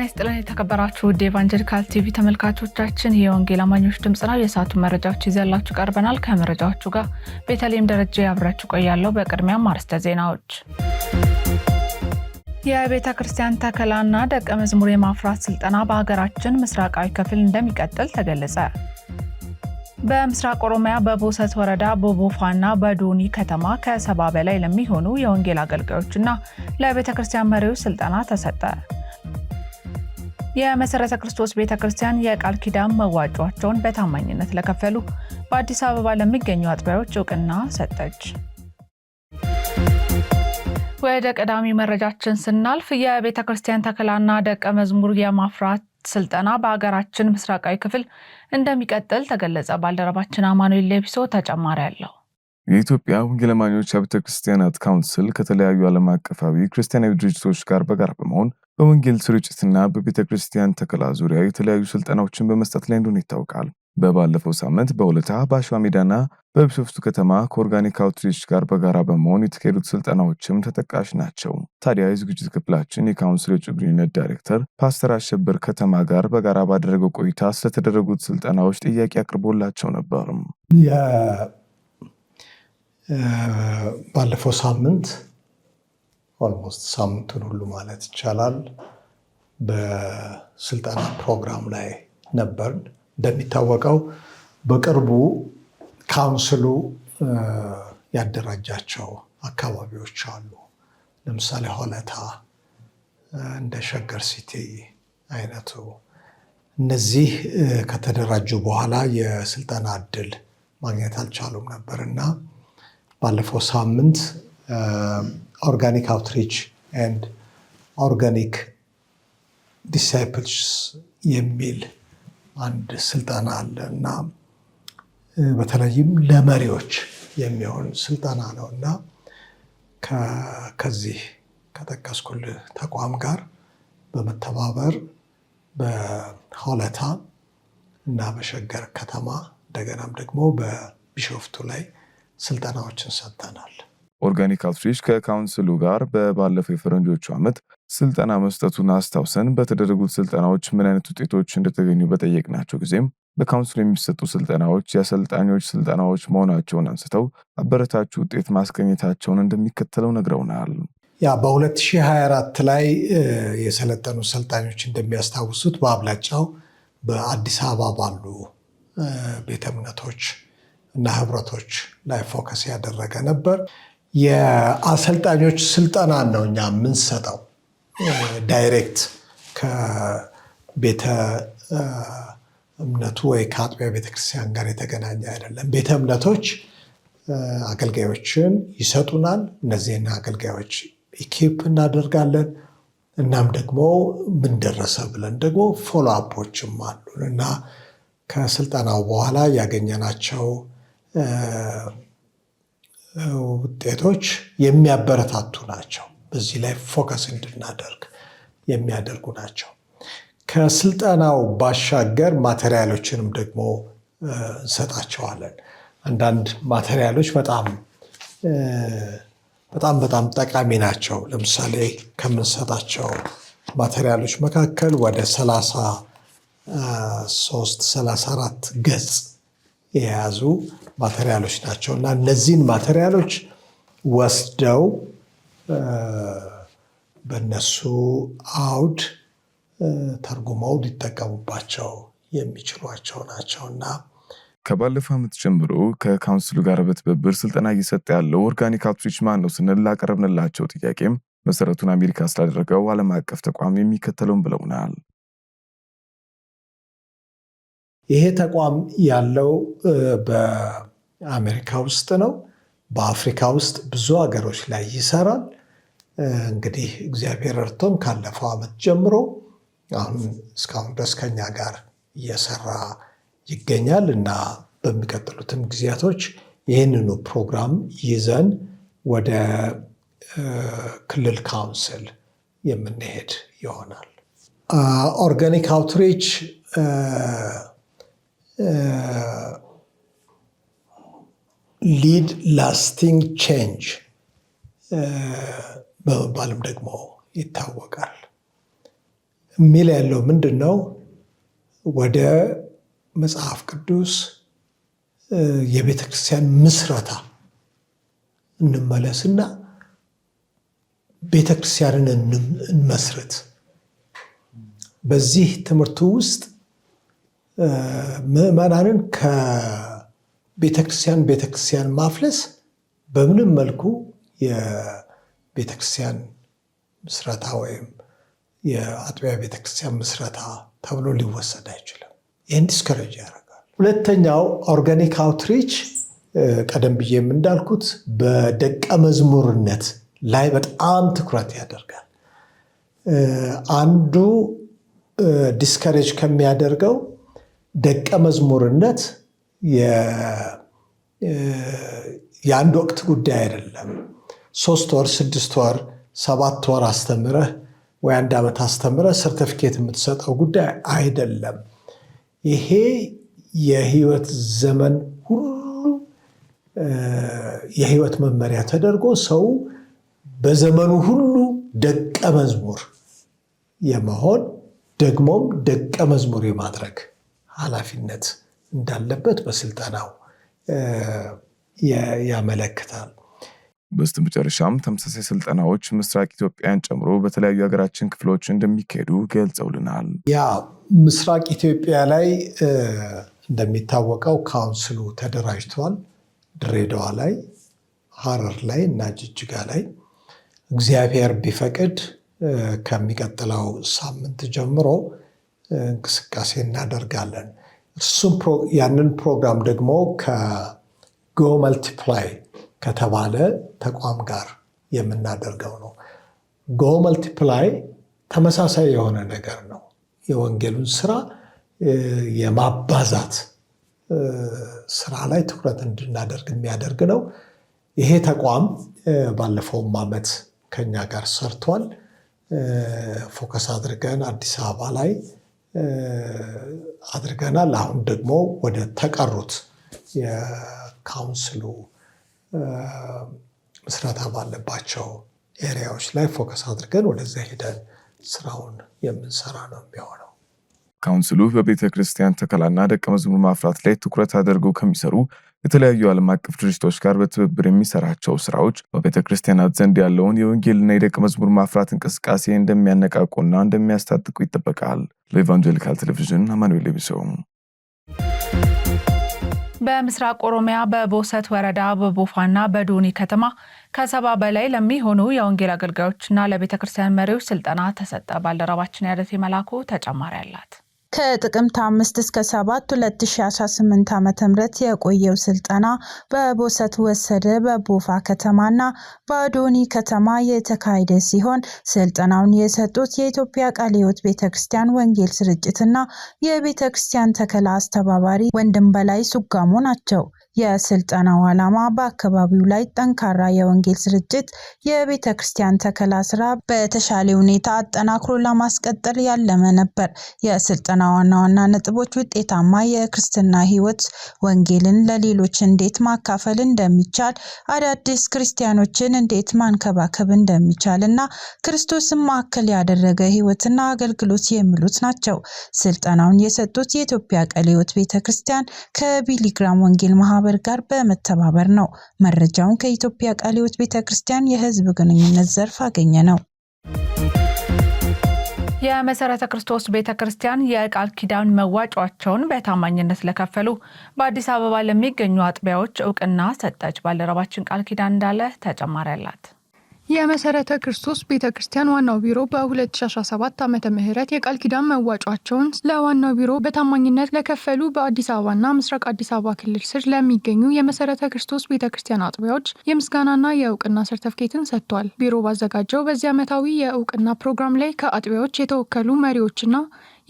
ጤና ይስጥልን የተከበራችሁ ውድ ኤቫንጀሊካል ቲቪ ተመልካቾቻችን የወንጌል አማኞች ድምፅ ነው። የሰዓቱ መረጃዎች ይዘላችሁ ቀርበናል። ከመረጃዎቹ ጋር ቤተልሔም ደረጃ ያብራችሁ ቆያለሁ። በቅድሚያም አርዕስተ ዜናዎች። የቤተ ክርስቲያን ተከላና ደቀ መዝሙር የማፍራት ስልጠና በሀገራችን ምስራቃዊ ክፍል እንደሚቀጥል ተገለጸ። በምስራቅ ኦሮሚያ በቦሰት ወረዳ በቦፋና በዶኒ ከተማ ከሰባ በላይ ለሚሆኑ የወንጌል አገልጋዮችና ለቤተ ክርስቲያን መሪዎች ስልጠና ተሰጠ። የመሰረተ ክርስቶስ ቤተ ክርስቲያን የቃል ኪዳን መዋጮቸውን በታማኝነት ለከፈሉ በአዲስ አበባ ለሚገኙ አጥቢያዎች እውቅና ሰጠች። ወደ ቀዳሚ መረጃችን ስናልፍ የቤተ ክርስቲያን ተክላና ደቀ መዝሙር የማፍራት ስልጠና በሀገራችን ምስራቃዊ ክፍል እንደሚቀጥል ተገለጸ። ባልደረባችን አማኑኤል ሌቢሶ ተጨማሪ አለው። የኢትዮጵያ ወንጌላውያን አብያተ ክርስቲያናት ካውንስል ከተለያዩ ዓለም አቀፋዊ ክርስቲያናዊ ድርጅቶች ጋር በጋራ በመሆን በወንጌል ስርጭትና በቤተ ክርስቲያን ተከላ ዙሪያ የተለያዩ ስልጠናዎችን በመስጠት ላይ እንደሆነ ይታወቃል። በባለፈው ሳምንት በሁለታ በአሸዋ ሜዳና በቢሾፍቱ ከተማ ከኦርጋኒክ አውትሪች ጋር በጋራ በመሆን የተካሄዱት ስልጠናዎችም ተጠቃሽ ናቸው። ታዲያ የዝግጅት ክፍላችን የካውንስል የውጭ ግንኙነት ዳይሬክተር ፓስተር አሸብር ከተማ ጋር በጋራ ባደረገው ቆይታ ስለተደረጉት ስልጠናዎች ጥያቄ አቅርቦላቸው ነበር። ባለፈው ሳምንት ኦልሞስት ሳምንቱን ሁሉ ማለት ይቻላል በስልጠና ፕሮግራም ላይ ነበርን። እንደሚታወቀው በቅርቡ ካውንስሉ ያደራጃቸው አካባቢዎች አሉ። ለምሳሌ ሆለታ፣ እንደ ሸገር ሲቲ አይነቱ እነዚህ ከተደራጁ በኋላ የስልጠና እድል ማግኘት አልቻሉም ነበር እና ባለፈው ሳምንት ኦርጋኒክ outreach and ኦርጋኒክ ዲሳይፕልስ የሚል አንድ ስልጠና አለ እና በተለይም ለመሪዎች የሚሆን ስልጠና ነው እና ከዚህ ከጠቀስኩል ተቋም ጋር በመተባበር በሆለታ እና በሸገር ከተማ እንደገናም ደግሞ በቢሾፍቱ ላይ ስልጠናዎችን ሰጥተናል። ኦርጋኒክ አውትሪች ከካውንስሉ ጋር በባለፈው የፈረንጆቹ ዓመት ስልጠና መስጠቱን አስታውሰን በተደረጉት ስልጠናዎች ምን አይነት ውጤቶች እንደተገኙ በጠየቅናቸው ጊዜም በካውንስሉ የሚሰጡ ስልጠናዎች የአሰልጣኞች ስልጠናዎች መሆናቸውን አንስተው አበረታች ውጤት ማስገኘታቸውን እንደሚከተለው ነግረውናል። ያ በ2024 ላይ የሰለጠኑ ሰልጣኞች እንደሚያስታውሱት በአብላጫው በአዲስ አበባ ባሉ ቤተ እምነቶች እና ህብረቶች ላይ ፎከስ ያደረገ ነበር። የአሰልጣኞች ስልጠናን ነው እኛ የምንሰጠው ዳይሬክት ከቤተ እምነቱ ወይ ከአጥቢያ ቤተክርስቲያን ጋር የተገናኘ አይደለም። ቤተ እምነቶች አገልጋዮችን ይሰጡናል። እነዚህን አገልጋዮች ኢኪፕ እናደርጋለን። እናም ደግሞ ምንደረሰ ብለን ደግሞ ፎሎ አፖችም አሉን እና ከስልጠናው በኋላ ያገኘናቸው ውጤቶች የሚያበረታቱ ናቸው። በዚህ ላይ ፎከስ እንድናደርግ የሚያደርጉ ናቸው። ከስልጠናው ባሻገር ማቴሪያሎችንም ደግሞ እንሰጣቸዋለን። አንዳንድ ማቴሪያሎች በጣም በጣም በጣም ጠቃሚ ናቸው። ለምሳሌ ከምንሰጣቸው ማቴሪያሎች መካከል ወደ 33 34 ገጽ የያዙ ማቴሪያሎች ናቸው እና እነዚህን ማቴሪያሎች ወስደው በነሱ አውድ ተርጉመው ሊጠቀሙባቸው የሚችሏቸው ናቸው እና ከባለፈው ዓመት ጀምሮ ከካውንስሉ ጋር በትብብር ስልጠና እየሰጠ ያለው ኦርጋኒክ አውትሪች ማን ነው ስንል ላቀረብንላቸው ጥያቄም መሰረቱን አሜሪካ ስላደረገው ዓለም አቀፍ ተቋም የሚከተለውን ብለውናል። ይሄ ተቋም ያለው በአሜሪካ ውስጥ ነው። በአፍሪካ ውስጥ ብዙ ሀገሮች ላይ ይሰራል። እንግዲህ እግዚአብሔር እርቶን ካለፈው ዓመት ጀምሮ አሁን እስካሁን ድረስ ከኛ ጋር እየሰራ ይገኛል እና በሚቀጥሉትም ጊዜያቶች ይህንኑ ፕሮግራም ይዘን ወደ ክልል ካውንስል የምንሄድ ይሆናል። ኦርጋኒክ አውትሪች ሊድ ላስቲንግ ቼንጅ በመባልም ደግሞ ይታወቃል። የሚል ያለው ምንድን ነው? ወደ መጽሐፍ ቅዱስ የቤተ ክርስቲያን ምስረታ እንመለስና ቤተ ክርስቲያንን እንመስረት። በዚህ ትምህርቱ ውስጥ ምዕመናንን ከቤተክርስቲያን ቤተክርስቲያን ማፍለስ በምንም መልኩ የቤተክርስቲያን ምስረታ ወይም የአጥቢያ ቤተክርስቲያን ምስረታ ተብሎ ሊወሰድ አይችልም። ይህን ዲስከረጅ ያደርጋል። ሁለተኛው ኦርጋኒክ አውትሪች ቀደም ብዬም እንዳልኩት በደቀ መዝሙርነት ላይ በጣም ትኩረት ያደርጋል። አንዱ ዲስከሬጅ ከሚያደርገው ደቀ መዝሙርነት የአንድ ወቅት ጉዳይ አይደለም። ሶስት ወር፣ ስድስት ወር፣ ሰባት ወር አስተምረህ ወይ አንድ ዓመት አስተምረህ ሰርተፊኬት የምትሰጠው ጉዳይ አይደለም። ይሄ የህይወት ዘመን ሁሉ የህይወት መመሪያ ተደርጎ ሰው በዘመኑ ሁሉ ደቀ መዝሙር የመሆን ደግሞም ደቀ መዝሙር የማድረግ ኃላፊነት እንዳለበት በስልጠናው ያመለክታል። መጨረሻም ተመሳሳይ ስልጠናዎች ምስራቅ ኢትዮጵያን ጨምሮ በተለያዩ የሀገራችን ክፍሎች እንደሚካሄዱ ገልጸውልናል። ያ ምስራቅ ኢትዮጵያ ላይ እንደሚታወቀው ካውንስሉ ተደራጅቷል። ድሬዳዋ ላይ፣ ሀረር ላይ እና ጅጅጋ ላይ እግዚአብሔር ቢፈቅድ ከሚቀጥለው ሳምንት ጀምሮ እንቅስቃሴ እናደርጋለን። እሱም ያንን ፕሮግራም ደግሞ ከጎ መልቲፕላይ ከተባለ ተቋም ጋር የምናደርገው ነው። ጎ መልቲፕላይ ተመሳሳይ የሆነ ነገር ነው። የወንጌሉን ስራ የማባዛት ስራ ላይ ትኩረት እንድናደርግ የሚያደርግ ነው። ይሄ ተቋም ባለፈውም ዓመት ከኛ ጋር ሰርቷል። ፎከስ አድርገን አዲስ አበባ ላይ አድርገናል። አሁን ደግሞ ወደ ተቀሩት የካውንስሉ ምስረታ ባለባቸው ኤሪያዎች ላይ ፎከስ አድርገን ወደዚያ ሄደን ስራውን የምንሰራ ነው የሚሆነው። ካውንስሉ በቤተ ክርስቲያን ተከላና ደቀ መዝሙር ማፍራት ላይ ትኩረት አድርገው ከሚሰሩ የተለያዩ ዓለም አቀፍ ድርጅቶች ጋር በትብብር የሚሰራቸው ስራዎች በቤተ ክርስቲያናት ዘንድ ያለውን የወንጌልና የደቀ መዝሙር ማፍራት እንቅስቃሴ እንደሚያነቃቁና እንደሚያስታጥቁ ይጠበቃል። ለኢቫንጀሊካል ቴሌቪዥን አማኑኤል ቢሰው። በምስራቅ ኦሮሚያ በቦሰት ወረዳ በቦፋና በዶኒ ከተማ ከሰባ በላይ ለሚሆኑ የወንጌል አገልጋዮችና ለቤተ ክርስቲያን መሪዎች ስልጠና ተሰጠ። ባልደረባችን ያደት መላኩ ተጨማሪ አላት። ከጥቅምት 5 እስከ 7 2018 ዓ.ም የቆየው ስልጠና በቦሰት ወሰደ በቦፋ ከተማና በአዶኒ ከተማ የተካሄደ ሲሆን ስልጠናውን የሰጡት የኢትዮጵያ ቃለ ሕይወት ቤተ ክርስቲያን ወንጌል ስርጭትና የቤተ ክርስቲያን ተከላ አስተባባሪ ወንድም በላይ ሱጋሙ ናቸው። የስልጠናው ዓላማ በአካባቢው ላይ ጠንካራ የወንጌል ስርጭት፣ የቤተ ክርስቲያን ተከላ ስራ በተሻለ ሁኔታ አጠናክሮ ለማስቀጠል ያለመ ነበር። የስልጠና ዋና ዋና ነጥቦች ውጤታማ የክርስትና ህይወት ወንጌልን ለሌሎች እንዴት ማካፈል እንደሚቻል፣ አዳዲስ ክርስቲያኖችን እንዴት ማንከባከብ እንደሚቻል እና ክርስቶስን ማዕከል ያደረገ ህይወትና አገልግሎት የሚሉት ናቸው። ስልጠናውን የሰጡት የኢትዮጵያ ቃለ ሕይወት ቤተ ክርስቲያን ከቢሊግራም ወንጌል ማህበር ማህበር ጋር በመተባበር ነው። መረጃውን ከኢትዮጵያ ቃለ ሕይወት ቤተ ክርስቲያን የህዝብ ግንኙነት ዘርፍ አገኘ ነው። የመሰረተ ክርስቶስ ቤተ ክርስቲያን የቃል ኪዳን መዋጮቸውን በታማኝነት ለከፈሉ በአዲስ አበባ ለሚገኙ አጥቢያዎች እውቅና ሰጠች። ባልደረባችን ቃል ኪዳን እንዳለ ተጨማሪ አላት። የመሰረተ ክርስቶስ ቤተ ክርስቲያን ዋናው ቢሮ በ2017 ዓመተ ምህረት የቃል ኪዳን መዋጮቸውን ለዋናው ቢሮ በታማኝነት ለከፈሉ በአዲስ አበባና ምስራቅ አዲስ አበባ ክልል ስር ለሚገኙ የመሰረተ ክርስቶስ ቤተ ክርስቲያን አጥቢያዎች የምስጋናና የእውቅና ሰርተፍኬትን ሰጥቷል። ቢሮ ባዘጋጀው በዚህ ዓመታዊ የእውቅና ፕሮግራም ላይ ከአጥቢያዎች የተወከሉ መሪዎችና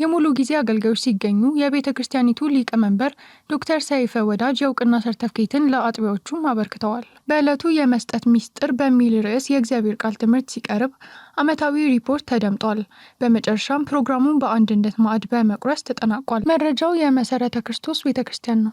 የሙሉ ጊዜ አገልጋዮች ሲገኙ የቤተ ክርስቲያኒቱ ሊቀመንበር ዶክተር ሰይፈ ወዳጅ የእውቅና ሰርተፍኬትን ለአጥቢያዎቹም አበርክተዋል። በዕለቱ የመስጠት ሚስጥር በሚል ርዕስ የእግዚአብሔር ቃል ትምህርት ሲቀርብ ዓመታዊ ሪፖርት ተደምጧል። በመጨረሻም ፕሮግራሙን በአንድነት ማዕድ በመቁረስ ተጠናቋል። መረጃው የመሠረተ ክርስቶስ ቤተ ክርስቲያን ነው።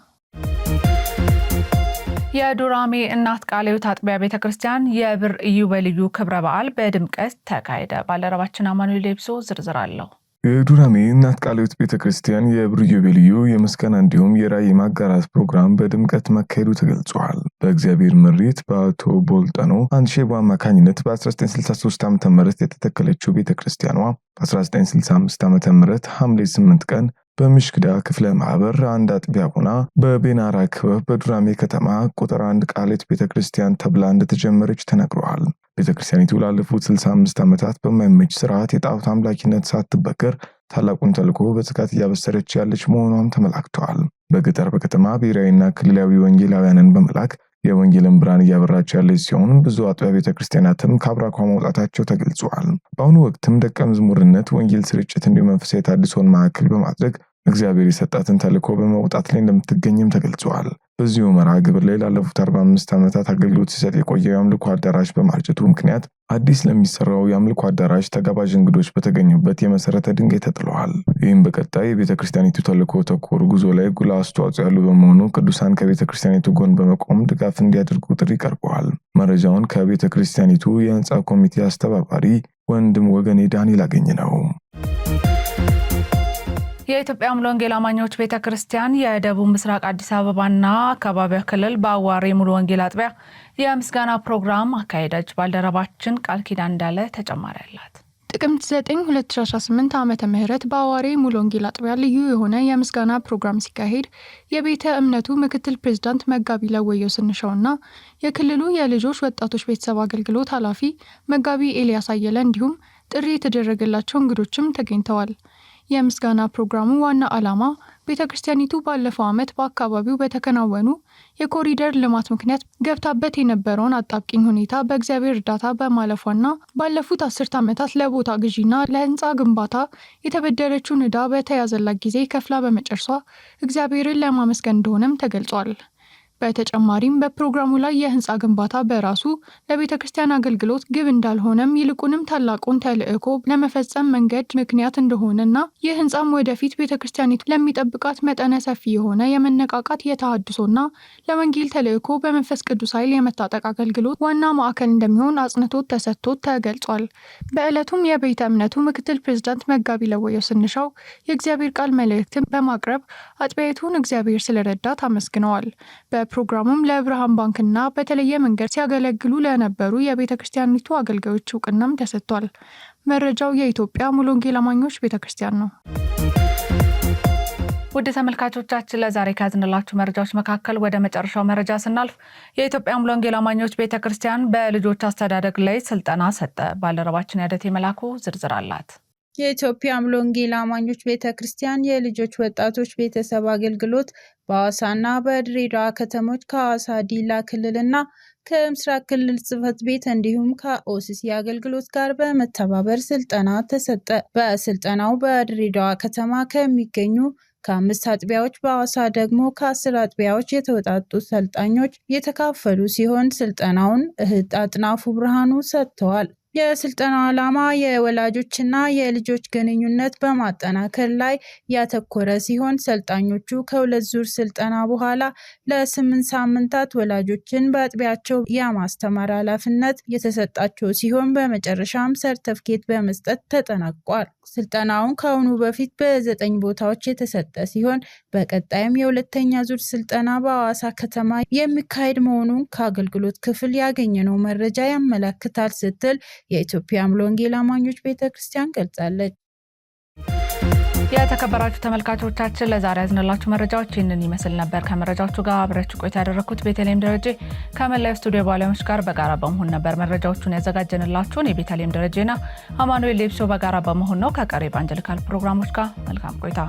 የዱራሜ እናት ቃለ ሕይወት አጥቢያ ቤተ ክርስቲያን የብር ኢዮቤልዩ ክብረ በዓል በድምቀት ተካሄደ። ባልደረባችን አማኑኤል ሌብሶ ዝርዝር አለው። የዱራሜ እናት ቃለ ሕይወት ቤተ ክርስቲያን የብር ኢዮቤልዩ የምስጋና እንዲሁም የራእይ ማጋራት ፕሮግራም በድምቀት መካሄዱ ተገልጿል። በእግዚአብሔር ምሪት በአቶ ቦልጠኖ አንድሼቦ አማካኝነት በ1963 ዓ ም የተተከለችው ቤተ ክርስቲያኗ በ1965 ዓ ም ሐምሌ 8 ቀን በምሽግዳ ክፍለ ማህበር አንድ አጥቢያ ሆና በቤናራ ክበብ በዱራሜ ከተማ ቁጥር አንድ ቃሌት ቤተ ክርስቲያን ተብላ እንደተጀመረች ተነግረዋል። ቤተ ክርስቲያኒቱ ላለፉት 65 ዓመታት በማይመች ስርዓት የጣዖት አምላኪነት ሳትበገር ታላቁን ተልዕኮ በጽናት እያበሰረች ያለች መሆኗም ተመላክተዋል። በገጠር በከተማ ብሔራዊና ክልላዊ ወንጌላውያንን በመላክ የወንጌልን ብርሃን እያበራች ያለች ሲሆን ብዙ አጥቢያ ቤተ ክርስቲያናትም ከአብራኳ መውጣታቸው ተገልጿል። በአሁኑ ወቅትም ደቀ መዝሙርነት፣ ወንጌል ስርጭት እንዲሁም መንፈሳዊ ተሐድሶን ማዕከል በማድረግ እግዚአብሔር የሰጣትን ተልዕኮ በመውጣት ላይ እንደምትገኝም ተገልጿል። በዚሁ መርሃ ግብር ላይ ላለፉት 45 ዓመታት አገልግሎት ሲሰጥ የቆየው የአምልኮ አዳራሽ በማርጀቱ ምክንያት አዲስ ለሚሰራው የአምልኮ አዳራሽ ተጋባዥ እንግዶች በተገኙበት የመሰረተ ድንጋይ ተጥለዋል። ይህም በቀጣይ የቤተ ክርስቲያኒቱ ተልዕኮ ተኮር ጉዞ ላይ ጉላ አስተዋጽኦ ያሉ በመሆኑ ቅዱሳን ከቤተ ክርስቲያኒቱ ጎን በመቆም ድጋፍ እንዲያደርጉ ጥሪ ቀርበዋል። መረጃውን ከቤተ ክርስቲያኒቱ የህንፃ ኮሚቴ አስተባባሪ ወንድም ወገኔ ዳንኤል አገኝ ነው። የኢትዮጵያ ሙሉ ወንጌል አማኞች ቤተ ክርስቲያን የደቡብ ምስራቅ አዲስ አበባና አካባቢው ክልል በአዋሬ ሙሉ ወንጌል አጥቢያ የምስጋና ፕሮግራም አካሄደች። ባልደረባችን ቃል ኪዳን እንዳለ ተጨማሪ አላት። ጥቅምት 9 2018 ዓመተ ምህረት በአዋሬ ሙሉ ወንጌል አጥቢያ ልዩ የሆነ የምስጋና ፕሮግራም ሲካሄድ የቤተ እምነቱ ምክትል ፕሬዝዳንት መጋቢ ለወየው ስንሻውና የክልሉ የልጆች ወጣቶች ቤተሰብ አገልግሎት ኃላፊ መጋቢ ኤልያስ አየለ እንዲሁም ጥሪ የተደረገላቸው እንግዶችም ተገኝተዋል። የምስጋና ፕሮግራሙ ዋና ዓላማ ቤተ ክርስቲያኒቱ ባለፈው ዓመት በአካባቢው በተከናወኑ የኮሪደር ልማት ምክንያት ገብታበት የነበረውን አጣብቂኝ ሁኔታ በእግዚአብሔር እርዳታ በማለፏና ባለፉት አስርት ዓመታት ለቦታ ግዢና ለህንፃ ግንባታ የተበደረችውን ዕዳ በተያዘላት ጊዜ ከፍላ በመጨርሷ እግዚአብሔርን ለማመስገን እንደሆነም ተገልጿል። በተጨማሪም በፕሮግራሙ ላይ የህንፃ ግንባታ በራሱ ለቤተ ክርስቲያን አገልግሎት ግብ እንዳልሆነም ይልቁንም ታላቁን ተልዕኮ ለመፈጸም መንገድ ምክንያት እንደሆነና ይህ ህንፃም ወደፊት ቤተ ክርስቲያኒቱ ለሚጠብቃት መጠነ ሰፊ የሆነ የመነቃቃት የተሃድሶና ለወንጌል ተልዕኮ በመንፈስ ቅዱስ ኃይል የመታጠቅ አገልግሎት ዋና ማዕከል እንደሚሆን አጽንቶት ተሰጥቶት ተገልጿል። በዕለቱም የቤተ እምነቱ ምክትል ፕሬዝዳንት መጋቢ ለወየው ስንሻው የእግዚአብሔር ቃል መልእክትን በማቅረብ አጥቢያይቱን እግዚአብሔር ስለረዳት አመስግነዋል። በፕሮግራሙም ለብርሃን ባንክና በተለየ መንገድ ሲያገለግሉ ለነበሩ የቤተ ክርስቲያኒቱ አገልጋዮች እውቅናም ተሰጥቷል። መረጃው የኢትዮጵያ ሙሉ ወንጌል አማኞች ቤተ ክርስቲያን ነው። ውድ ተመልካቾቻችን ለዛሬ ከያዝንላችሁ መረጃዎች መካከል ወደ መጨረሻው መረጃ ስናልፍ የኢትዮጵያ ሙሉ ወንጌል አማኞች ቤተ ክርስቲያን በልጆች አስተዳደግ ላይ ስልጠና ሰጠ። ባልደረባችን ያደቴ መላኩ ዝርዝር አላት። የኢትዮጵያ ሙሉ ወንጌል አማኞች ቤተ ክርስቲያን የልጆች ወጣቶች ቤተሰብ አገልግሎት በሐዋሳና በድሬዳዋ ከተሞች ከሐዋሳ ዲላ ክልልና ከምስራቅ ክልል ጽህፈት ቤት እንዲሁም ከኦሲሲ አገልግሎት ጋር በመተባበር ስልጠና ተሰጠ። በስልጠናው በድሬዳዋ ከተማ ከሚገኙ ከአምስት አጥቢያዎች በሐዋሳ ደግሞ ከአስር አጥቢያዎች የተወጣጡ ሰልጣኞች የተካፈሉ ሲሆን ስልጠናውን እህት አጥናፉ ብርሃኑ ሰጥተዋል። የስልጠና ዓላማ የወላጆችና የልጆች ግንኙነት በማጠናከር ላይ ያተኮረ ሲሆን ሰልጣኞቹ ከሁለት ዙር ስልጠና በኋላ ለስምንት ሳምንታት ወላጆችን በአጥቢያቸው የማስተማር ኃላፊነት የተሰጣቸው ሲሆን በመጨረሻም ሰርተፍኬት በመስጠት ተጠናቋል። ስልጠናውን ከአሁኑ በፊት በዘጠኝ ቦታዎች የተሰጠ ሲሆን በቀጣይም የሁለተኛ ዙር ስልጠና በአዋሳ ከተማ የሚካሄድ መሆኑን ከአገልግሎት ክፍል ያገኘነው መረጃ ያመለክታል ስትል የኢትዮጵያ ሙሉ ወንጌል አማኞች ቤተ ክርስቲያን ገልጻለች። የተከበራችሁ ተመልካቾቻችን ለዛሬ ያዝነላችሁ መረጃዎች ይህንን ይመስል ነበር። ከመረጃዎቹ ጋር አብረች ቆይታ ያደረግኩት ቤተልሔም ደረጀ ከመላው ስቱዲዮ ባለሙያዎች ጋር በጋራ በመሆን ነበር። መረጃዎቹን ያዘጋጀንላችሁን የቤተልሔም ደረጀና አማኑኤል ሌብሶ በጋራ በመሆን ነው። ከቀሪ ኢቫንጀሊካል ፕሮግራሞች ጋር መልካም ቆይታ